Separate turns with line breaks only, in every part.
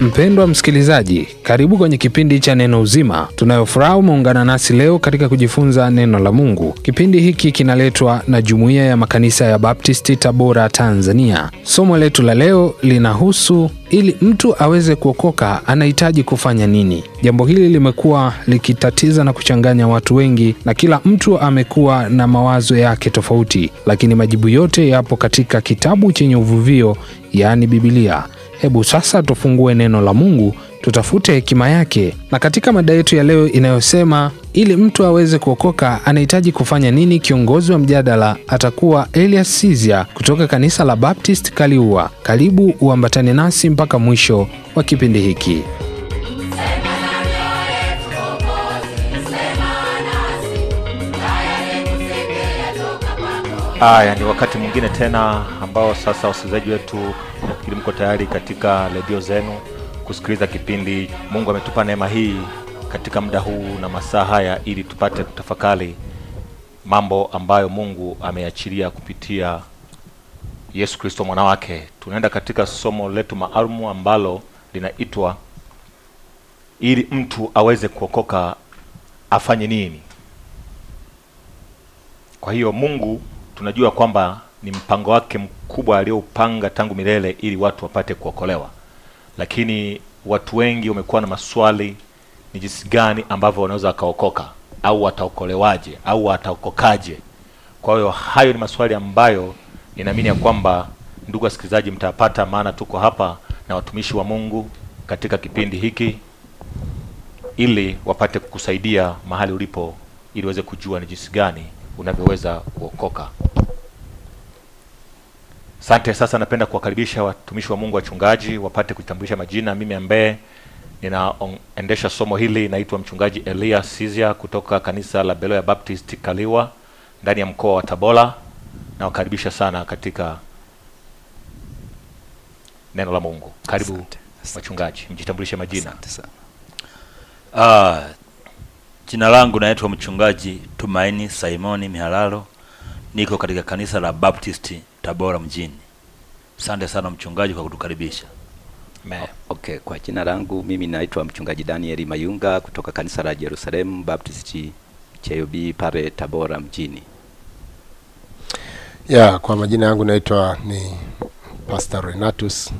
Mpendwa msikilizaji, karibu kwenye kipindi cha Neno Uzima. Tunayofuraha umeungana nasi leo katika kujifunza neno la Mungu. Kipindi hiki kinaletwa na Jumuiya ya Makanisa ya Baptisti, Tabora, Tanzania. Somo letu la leo linahusu ili mtu aweze kuokoka anahitaji kufanya nini? Jambo hili limekuwa likitatiza na kuchanganya watu wengi, na kila mtu amekuwa na mawazo yake tofauti, lakini majibu yote yapo katika kitabu chenye uvuvio, yaani Bibilia. Hebu sasa tufungue neno la Mungu, tutafute hekima yake. Na katika mada yetu ya leo inayosema ili mtu aweze kuokoka anahitaji kufanya nini, kiongozi wa mjadala atakuwa Elias Sizia kutoka kanisa la Baptist Kaliua. Karibu uambatane nasi mpaka mwisho wa kipindi hiki.
Haya ni wakati mwingine tena ambao sasa wasikilizaji wetu nafikiri mko tayari katika redio zenu kusikiliza kipindi. Mungu ametupa neema hii katika muda huu na masaa haya, ili tupate kutafakari mambo ambayo Mungu ameachilia kupitia Yesu Kristo mwanawake Tunaenda katika somo letu maalum ambalo linaitwa ili mtu aweze kuokoka afanye nini? Kwa hiyo Mungu tunajua kwamba ni mpango wake mkubwa aliyopanga tangu milele ili watu wapate kuokolewa, lakini watu wengi wamekuwa na maswali, ni jinsi gani ambavyo wanaweza wakaokoka au wataokolewaje au wataokokaje? Kwa hiyo hayo ni maswali ambayo ninaamini ya kwamba ndugu wasikilizaji, mtapata maana tuko hapa na watumishi wa Mungu katika kipindi hiki ili wapate kukusaidia mahali ulipo, ili uweze kujua ni jinsi gani unavyoweza kuokoka. Asante. Sasa napenda kuwakaribisha watumishi wa Mungu wachungaji wapate kujitambulisha majina. Mimi ambaye ninaendesha somo hili naitwa mchungaji Elia Sizia kutoka kanisa la Beloya Baptist Kaliwa ndani ya mkoa wa Tabora. Nawakaribisha sana katika
neno la Mungu. Karibu Wachungaji mjitambulishe majina. Asante sana. Ah, jina langu naitwa mchungaji Tumaini Simoni Mihalalo, niko katika kanisa la Baptisti Tabora mjini. Asante sana mchungaji kwa kutukaribisha.
Okay, kwa jina langu mimi naitwa mchungaji Daniel Mayunga kutoka kanisa la Jerusalem Baptist chb pale Tabora mjini.
Ya, yeah, kwa majina yangu naitwa ni Pastor Renatus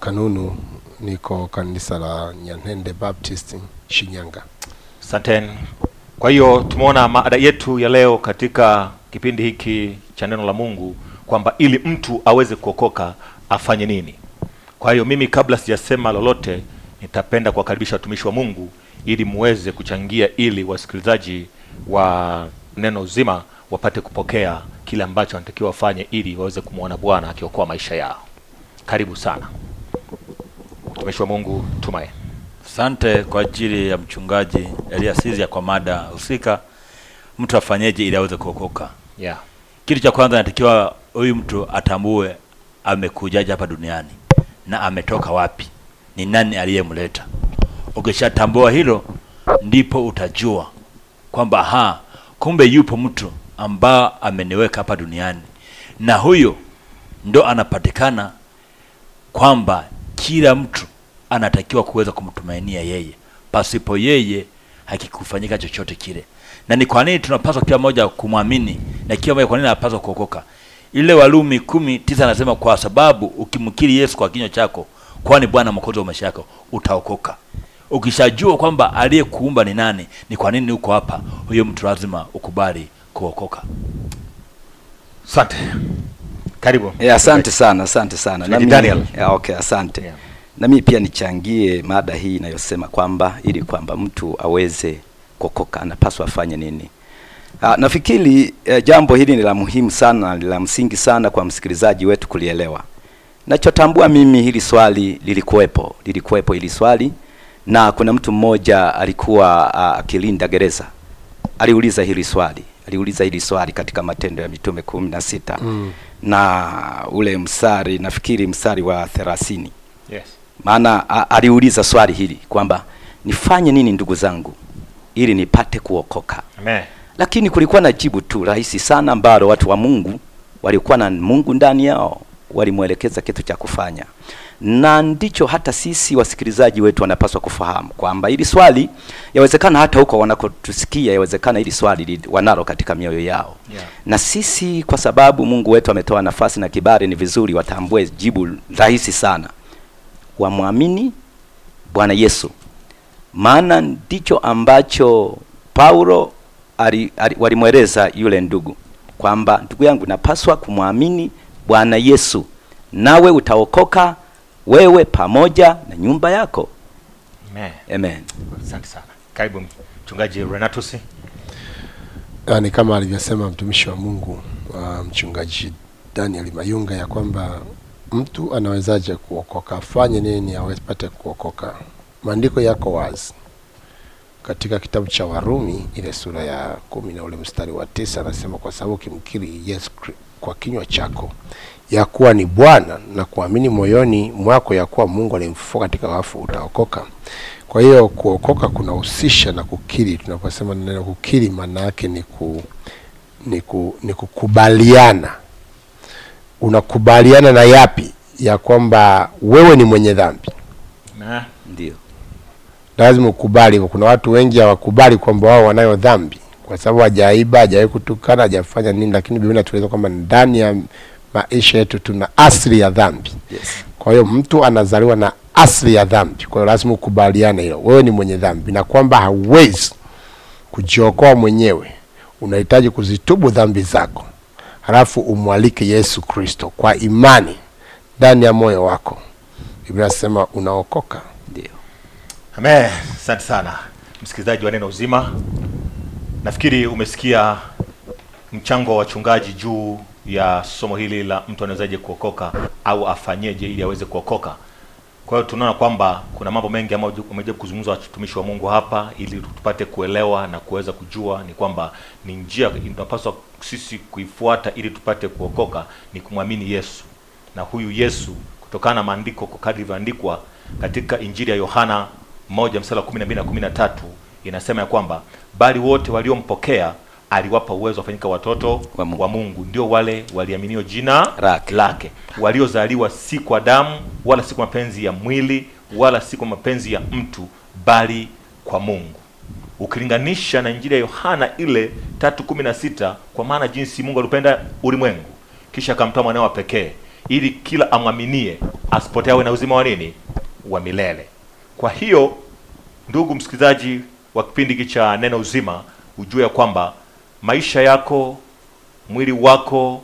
Kanunu niko kanisa la Nyanende Baptist Shinyanga. santeni
Kwa hiyo tumeona mada yetu ya leo katika kipindi hiki cha neno la Mungu kwamba ili mtu aweze kuokoka afanye nini. Kwa hiyo mimi kabla sijasema lolote, nitapenda kuwakaribisha watumishi wa Mungu ili muweze kuchangia ili wasikilizaji wa neno uzima wapate kupokea kile ambacho wanatakiwa wafanye ili waweze kumwona Bwana akiokoa maisha
yao. Karibu sana mtumishi wa Mungu Tumaye. Asante kwa ajili ya mchungaji Elias Sizia kwa mada husika, mtu afanyeje ili aweze kuokoka? Yeah. Kitu cha kwanza anatakiwa huyu mtu atambue amekujaje hapa duniani na ametoka wapi, ni nani aliyemleta. Ukishatambua hilo, ndipo utajua kwamba ha, kumbe yupo mtu ambao ameniweka hapa duniani, na huyo ndo anapatikana kwamba kila mtu anatakiwa kuweza kumtumainia yeye, pasipo yeye hakikufanyika chochote kile. Na ni kwa nini tunapaswa kila mmoja kumwamini na kila mmoja, kwa nini anapaswa kuokoka? ile Warumi kumi tisa anasema kwa sababu ukimkiri Yesu kwa kinywa chako kwani Bwana mkozo wa maisha yako utaokoka. Ukishajua kwamba aliyekuumba ni nani, ni kwa nini uko hapa, huyo mtu lazima ukubali
kuokoka. Asante, karibu. Yeah, asante sana, asante sana na mimi, Daniel. Yeah, okay, asante yeah. Na mimi pia nichangie mada hii inayosema kwamba ili kwamba mtu aweze kuokoka anapaswa afanye nini? Ah, nafikiri uh, jambo hili ni la muhimu sana, la msingi sana kwa msikilizaji wetu kulielewa. Nachotambua mimi hili swali lilikuwepo, lilikuwepo hili swali na kuna mtu mmoja alikuwa ah, akilinda uh, gereza aliuliza hili swali, aliuliza hili swali katika Matendo ya Mitume kumi na sita mm. na ule msari nafikiri msari wa thelathini yes. maana aliuliza swali hili kwamba nifanye nini ndugu zangu ili nipate kuokoka. Amen. Lakini kulikuwa na jibu tu rahisi sana ambalo watu wa Mungu walikuwa na Mungu ndani yao walimwelekeza kitu cha kufanya, na ndicho hata sisi wasikilizaji wetu wanapaswa kufahamu kwamba hili swali yawezekana hata huko wanakotusikia, yawezekana hili swali wanalo katika mioyo yao yeah. Na sisi kwa sababu Mungu wetu ametoa nafasi na kibali, ni vizuri watambue jibu rahisi sana, wamwamini Bwana Yesu, maana ndicho ambacho Paulo walimweleza yule ndugu kwamba ndugu yangu, napaswa kumwamini Bwana Yesu, nawe utaokoka wewe pamoja na nyumba yako. Amen. Asante sana. Karibu mchungaji Renatus. Ah, ni kama
alivyosema mtumishi wa Mungu uh, mchungaji Daniel Mayunga ya kwamba mtu anawezaje kuokoka? Afanye nini aweze pate kuokoka? Maandiko yako wazi katika kitabu cha Warumi ile sura ya kumi na ule mstari wa tisa anasema, kwa sababu kimkiri Yesu kwa kinywa chako ya kuwa ni Bwana na kuamini moyoni mwako ya kuwa Mungu alimfufua katika wafu utaokoka. Kwa hiyo kuokoka kunahusisha na kukiri. Tunaposema neno kukiri, maana yake ni ku, ni, ku, ni kukubaliana. Unakubaliana na yapi? Ya kwamba wewe ni mwenye dhambi
na ndio
lazima ukubali. Kuna watu wengi hawakubali kwamba wao wanayo dhambi, kwa sababu hajaiba, hajawahi kutukana, hajafanya nini, lakini Biblia inatueleza kwamba ndani ya maisha yetu tuna asili ya dhambi yes. Kwa hiyo mtu anazaliwa na asili ya dhambi, kwa hiyo lazima ukubaliane hilo, wewe ni mwenye dhambi na kwamba hauwezi kujiokoa mwenyewe, unahitaji kuzitubu dhambi zako, halafu umwalike Yesu Kristo kwa imani ndani ya moyo wako. Biblia inasema unaokoka, ndio Amen.
Asante sana msikilizaji wa Neno Uzima, nafikiri umesikia mchango wa wachungaji juu ya somo hili la mtu anawezaje kuokoka au afanyeje ili aweze kuokoka. Kwa hiyo tunaona kwamba kuna mambo mengi ambayo umejaribu kuzungumza watumishi wa Mungu hapa, ili tupate kuelewa na kuweza kujua ni kwamba ni njia inapaswa sisi kuifuata ili tupate kuokoka, ni kumwamini Yesu, na huyu Yesu kutokana na maandiko, kwa kadri ilivyoandikwa katika Injili ya Yohana moja mstari wa 12 na tatu inasema ya kwamba bali wote waliompokea aliwapa uwezo wafanyika watoto wa Mungu, wa Mungu ndio wale waliaminio jina lake, lake waliozaliwa si kwa damu wala si kwa mapenzi ya mwili wala si kwa mapenzi ya mtu bali kwa Mungu. Ukilinganisha na Injili ya Yohana ile tatu sita kwa maana jinsi Mungu alipenda ulimwengu kisha akamtoa mwanawe wa pekee ili kila amwaminie asipotee awe na uzima wa nini wa milele. Kwa hiyo ndugu msikilizaji wa kipindi hiki cha Neno Uzima, ujue ya kwamba maisha yako, mwili wako,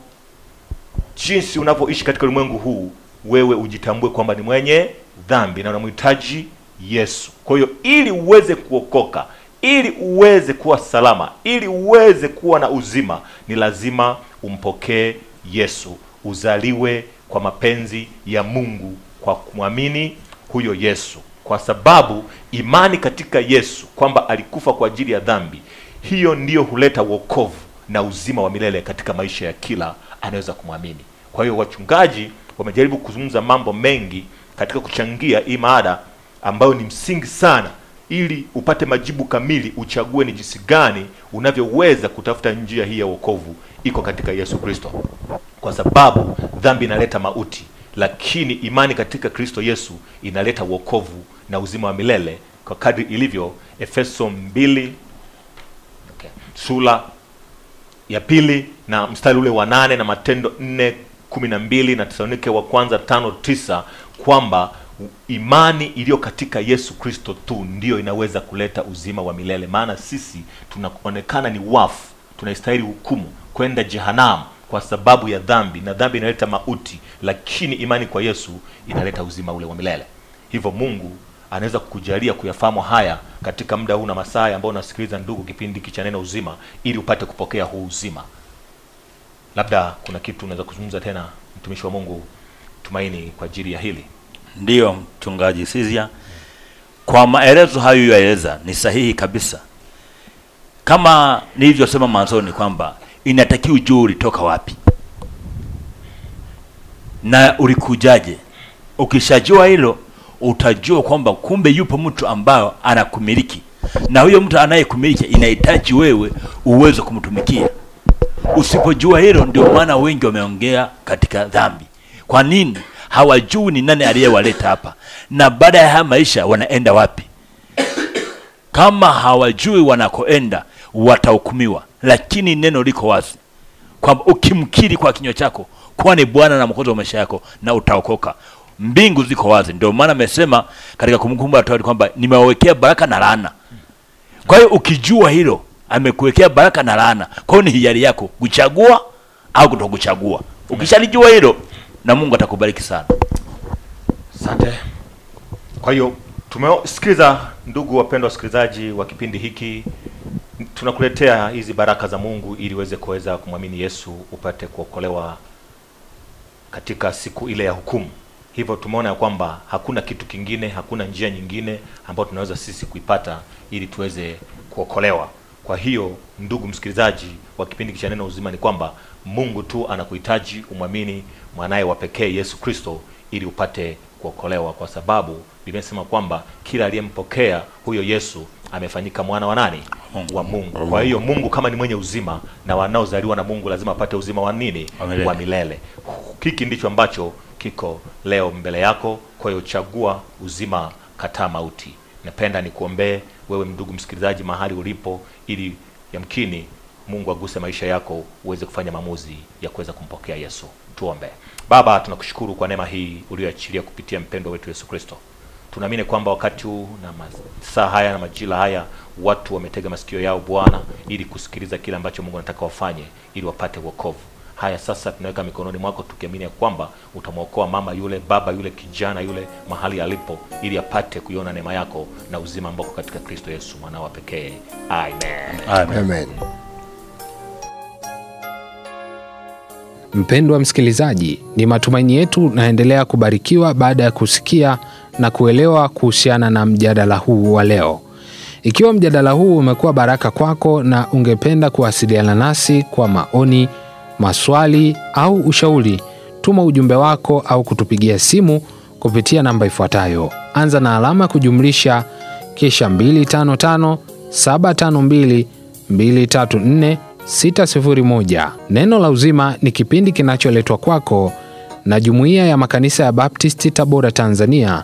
jinsi unavyoishi katika ulimwengu huu, wewe ujitambue kwamba ni mwenye dhambi na unamhitaji Yesu. Kwa hiyo ili uweze kuokoka, ili uweze kuwa salama, ili uweze kuwa na uzima, ni lazima umpokee Yesu, uzaliwe kwa mapenzi ya Mungu kwa kumwamini huyo Yesu kwa sababu imani katika Yesu kwamba alikufa kwa ajili ya dhambi, hiyo ndiyo huleta wokovu na uzima wa milele katika maisha ya kila anaweza kumwamini. Kwa hiyo wachungaji wamejaribu kuzungumza mambo mengi katika kuchangia hii mada ambayo ni msingi sana, ili upate majibu kamili, uchague ni jinsi gani unavyoweza kutafuta njia hii ya wokovu iko katika Yesu Kristo, kwa sababu dhambi inaleta mauti lakini imani katika Kristo Yesu inaleta wokovu na uzima wa milele kwa kadri ilivyo Efeso mbili okay, sura ya pili na mstari ule wa nane na Matendo 4 kumi na mbili na Tesalonike wa kwanza tano tisa kwamba imani iliyo katika Yesu Kristo tu ndiyo inaweza kuleta uzima wa milele maana sisi tunaonekana ni wafu, tunaistahili hukumu kwenda jehanamu kwa sababu ya dhambi, na dhambi inaleta mauti, lakini imani kwa Yesu inaleta uzima ule wa milele. Hivyo Mungu anaweza kukujalia kuyafahamu haya katika muda huu na masaa ambao unasikiliza, ndugu, kipindi hiki cha neno uzima, ili upate kupokea huu uzima. Labda kuna kitu unaweza kuzungumza tena, mtumishi wa Mungu
Tumaini, kwa ajili ya hili. Ndiyo mchungaji Sizia, kwa maelezo hayo yaeleza ni sahihi kabisa, kama nilivyosema mwanzoni kwamba inataki ujue ulitoka wapi na ulikujaje. Ukishajua hilo, utajua kwamba kumbe yupo mtu ambayo anakumiliki, na huyo mtu anayekumiliki inahitaji wewe uwezo kumtumikia. Usipojua hilo, ndio maana wengi wameongea katika dhambi. Kwa nini? Hawajui ni nani aliyewaleta hapa, na baada ya haya maisha wanaenda wapi? Kama hawajui wanakoenda, watahukumiwa lakini neno liko wazi kwamba ukimkiri kwa kinywa chako kuwa ni Bwana na Mwokozi wa maisha yako na utaokoka. Mbingu ziko wazi. Ndio maana amesema katika Kumbukumbu la Torati kwamba nimewawekea baraka na laana. Kwa hiyo ukijua hilo, amekuwekea baraka na laana. Kwa hiyo ni hiari yako kuchagua au kutokuchagua. Ukishalijua hilo, na Mungu atakubariki sana. Asante. Kwa hiyo tumesikiliza,
ndugu wapendwa wasikilizaji wa kipindi hiki tunakuletea hizi baraka za Mungu ili uweze kuweza kumwamini Yesu upate kuokolewa katika siku ile ya hukumu. Hivyo tumeona ya kwamba hakuna kitu kingine, hakuna njia nyingine ambayo tunaweza sisi kuipata ili tuweze kuokolewa. Kwa hiyo ndugu msikilizaji wa kipindi cha Neno Uzima, ni kwamba Mungu tu anakuhitaji umwamini mwanaye wa pekee Yesu Kristo ili upate kuokolewa, kwa sababu Biblia inasema kwamba kila aliyempokea huyo Yesu amefanyika mwana wa nani? Mungu. Wa Mungu. Kwa hiyo Mungu kama ni mwenye uzima na wanaozaliwa na Mungu lazima apate uzima wa nini? Wa milele. Hiki ndicho ambacho kiko leo mbele yako. Kwa hiyo chagua uzima, kataa mauti. Napenda nikuombee wewe ndugu msikilizaji mahali ulipo, ili yamkini Mungu aguse maisha yako uweze kufanya maamuzi ya kuweza kumpokea Yesu. Tuombe. Baba, tunakushukuru kwa neema hii uliyoachilia kupitia mpendo wetu Yesu Kristo. Tunaamini kwamba wakati huu na masaa haya na majira haya watu wametega masikio yao Bwana, ili kusikiliza kile ambacho Mungu anataka wafanye ili wapate wokovu. Haya, sasa tunaweka mikononi mwako, tukiamini ya kwamba utamwokoa mama yule, baba yule, kijana yule mahali alipo, ili apate kuiona neema yako na uzima ambao katika Kristo Yesu mwanao wa pekee. Amen. Amen. Amen.
Mpendwa msikilizaji, ni matumaini yetu naendelea kubarikiwa baada ya kusikia na kuelewa kuhusiana na mjadala huu wa leo. Ikiwa mjadala huu umekuwa baraka kwako na ungependa kuwasiliana nasi kwa maoni, maswali au ushauri, tuma ujumbe wako au kutupigia simu kupitia namba ifuatayo: anza na alama kujumlisha kisha 255 Neno la Uzima ni kipindi kinacholetwa kwako na Jumuiya ya Makanisa ya Baptisti Tabora, Tanzania